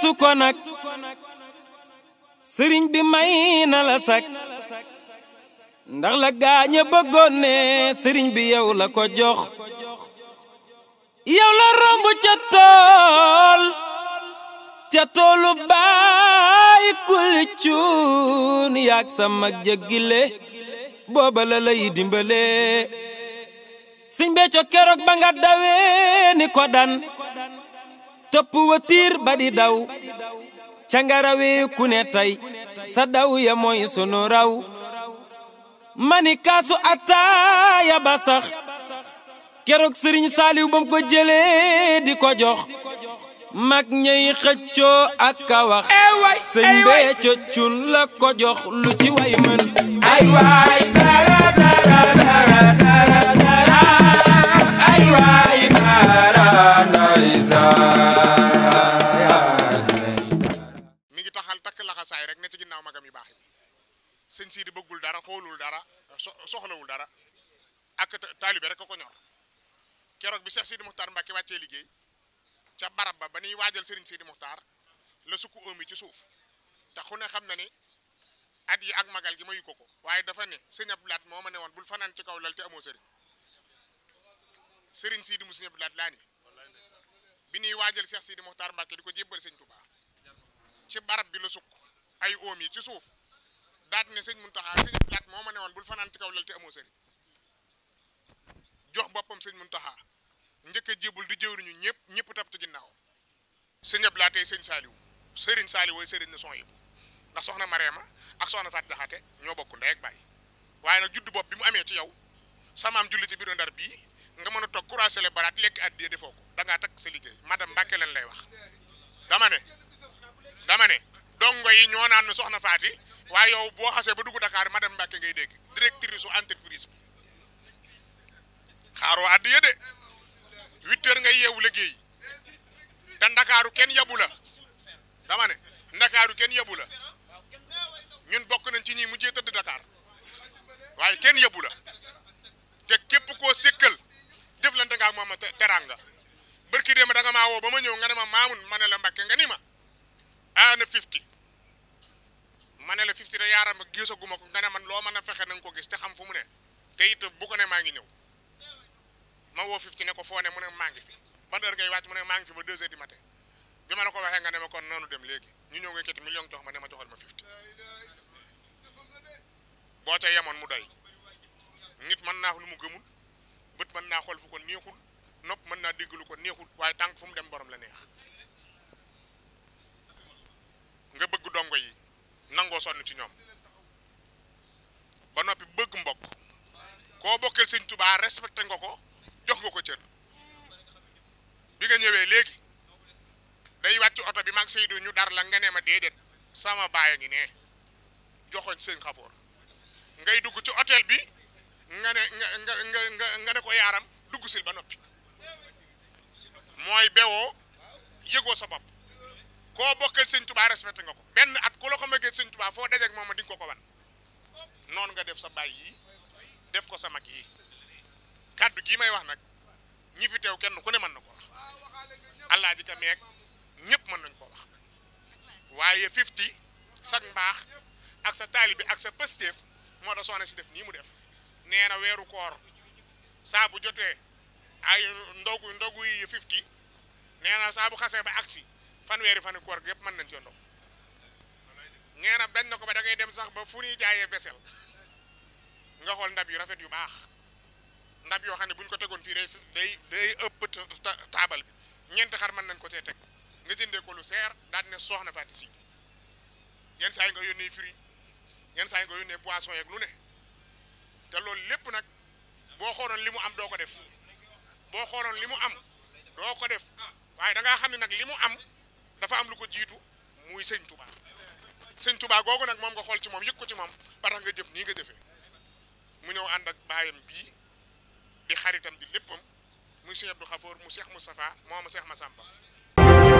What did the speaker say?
sant ko nag sëriñ bi may na la sak ndax la gaañ a bëggoon ne sëriñ bi yow la ko jox yow la romb ca tool toolu baay kulli cuun yaag sa mag booba la lay dimbale sëñ Béthio keroog ba nga dawee ni topp watiir ba di daw cangarawe ku ne sa daw ya mooy sunu raw mani kaasu ataaya ba keroog sëriñ saaliw bam ko jëlee di ko jox mag ñey ak ka wax sëñ la ko lu ci way ay waay dara dara dara dara xoolul dara soxlawul dara ak taalibe rek ko ñor keroog bi Cheikh Sidi Muxtaar Mbàkke wàccee liggéey ca barab ba ba ñuy waajal Serigne Sidi Muxtaar la sukk ci suuf te ku ne xam na ni at ak magal gi mayu ko ko waaye dafa ne sëñ moo ma ne woon bul fanaan ci kaw lal sëriñ sëriñ Sidi mu ñuy waajal Cheikh Sidi Muxtaar Mbàkke di ko jébbal sëñ Tuubaa ci barab bi la sukk ay óom yi ci suuf daal ne sëñ Muntaxa sëñ Abdulaat moo ma ne woon bul fanaan ci kaw lal te amoo sëriñ jox boppam sëñ Muntaxa njëkk a jébul di jëwriñu ñëpp ñëpp topp ci ginnaaw sëñ Abdulaat tey sëñ Saaliw sëriñ Saaliw wooy sëriñ ne son yëpp ndax soxna Mareema ak soxna Faat Jaxate ñoo bokk ndey ak waaye nag juddu bopp bi mu amee ci yow samaam julli ci biir Ndar bii nga mën a toog croiser les bras lekk addiya defoo ko da takk sa liggéey madame Mbàkke lañ lay wax dama ne dama ne dongo yi ñoo naan soxna Faati waaye yow boo xasee ba dugg Dakar madame Mbacke ngay dégg directrice su entreprise bi xaaroo àddiya de huit heures ngay yeewu liggéey te ndakaaru kenn yabu la dama ne ndakaaru kenn yabu la ñun bokk nañ ci ñi mujjee tëdd Dakar waaye kenn yabu la te képp koo sékkal jëflante nga ak ma teranga bërki déema da nga maa woo ba ma ñëw nga ne ma maamun ne la Mbacke nga ni ma ana fifty ma ne la Fifty ne yaaram ak gisaguma ko nga ne man loo mën a fexe na nga ko gis te xam fu mu ne te it bu ko ne maa ngi ñëw ma woo Fifty ne ko foo ne mu ne maa ngi fi ban heure ngay wàcc mu ne maa ngi fi ba deux heures du matin bi ma ne ko waxee nga ne ma kon noonu dem léegi ñu ñëw nga keti million jox ma ne ma joxal ma Fifty boo ca yemoon mu doy nit mën naa lu mu gëmul bët mën naa xool fu ko neexul nopp mën naa dégg lu ko neexul waaye tànk fu mu dem borom la neex. sonn ci ñoom ba noppi bëgg mbokk koo bokkeel sëñ tubaa respecté nga ko jox nga ko cër bi nga ñëwee léegi day wàcc oto bi mag Seydou ñu dar la nga ne ma déedéet sama baay a ngi ne joxoñ sëñ xafoor ngay dugg ci hôtel bi nga ne nga nga ne ko yaaram dugg sil ba noppi mooy bewoo yëgoo sa bopp koo bokkal sëñ tubaa respecté nga ko benn at ku la ko mëggee sëñ tubaa foo dajeek moom di nga ko ko wan noonu nga def sa baay yii def ko sa mag yii kàddu gii may wax nag ñi fi teew kenn ku ne mën na ko wax allah ji ka meeg ñëpp mën nañ ko wax waaye fifty sag mbaax ak sa taalibi ak sa pëstéef moo da soxna si def nii mu def nee na weeru koor saabu jotee ay ndogu ndogu yi fifty nee na saa bu xasee ba agsi fanweeri fan koor gi yëpp mën nañ cee ndox nee na dañ na ko ba da ngay dem sax ba fu ñuy jaayee vaisselle nga xool ndab yu rafet yu baax ndab yoo xam ne buñ ko tegoon fii day day day ëpp taabal bi ñeenti xar mën nañ ko cee teg nga jëndee ko lu seer daal ne soxna Fatou si yenn saa yi nga yónnee fruits yenn saa yi nga yónnee poisson yeeg lu ne te loolu lépp nag boo xooloon li mu am doo ko def boo xooloon li mu am doo ko def waaye da xam ne nag li mu am. dafa am lu ko jiitu muy sëñ Touba sëñ Touba googu nag moom nga xool ci moom yëg ko ci moom ba nga jëf nii nga jëfee mu ñëw ànd ak baayam bii di xaritam bi léppam muy Cheikh Abdou Khafour mu Cheikh mu seex ma Cheikh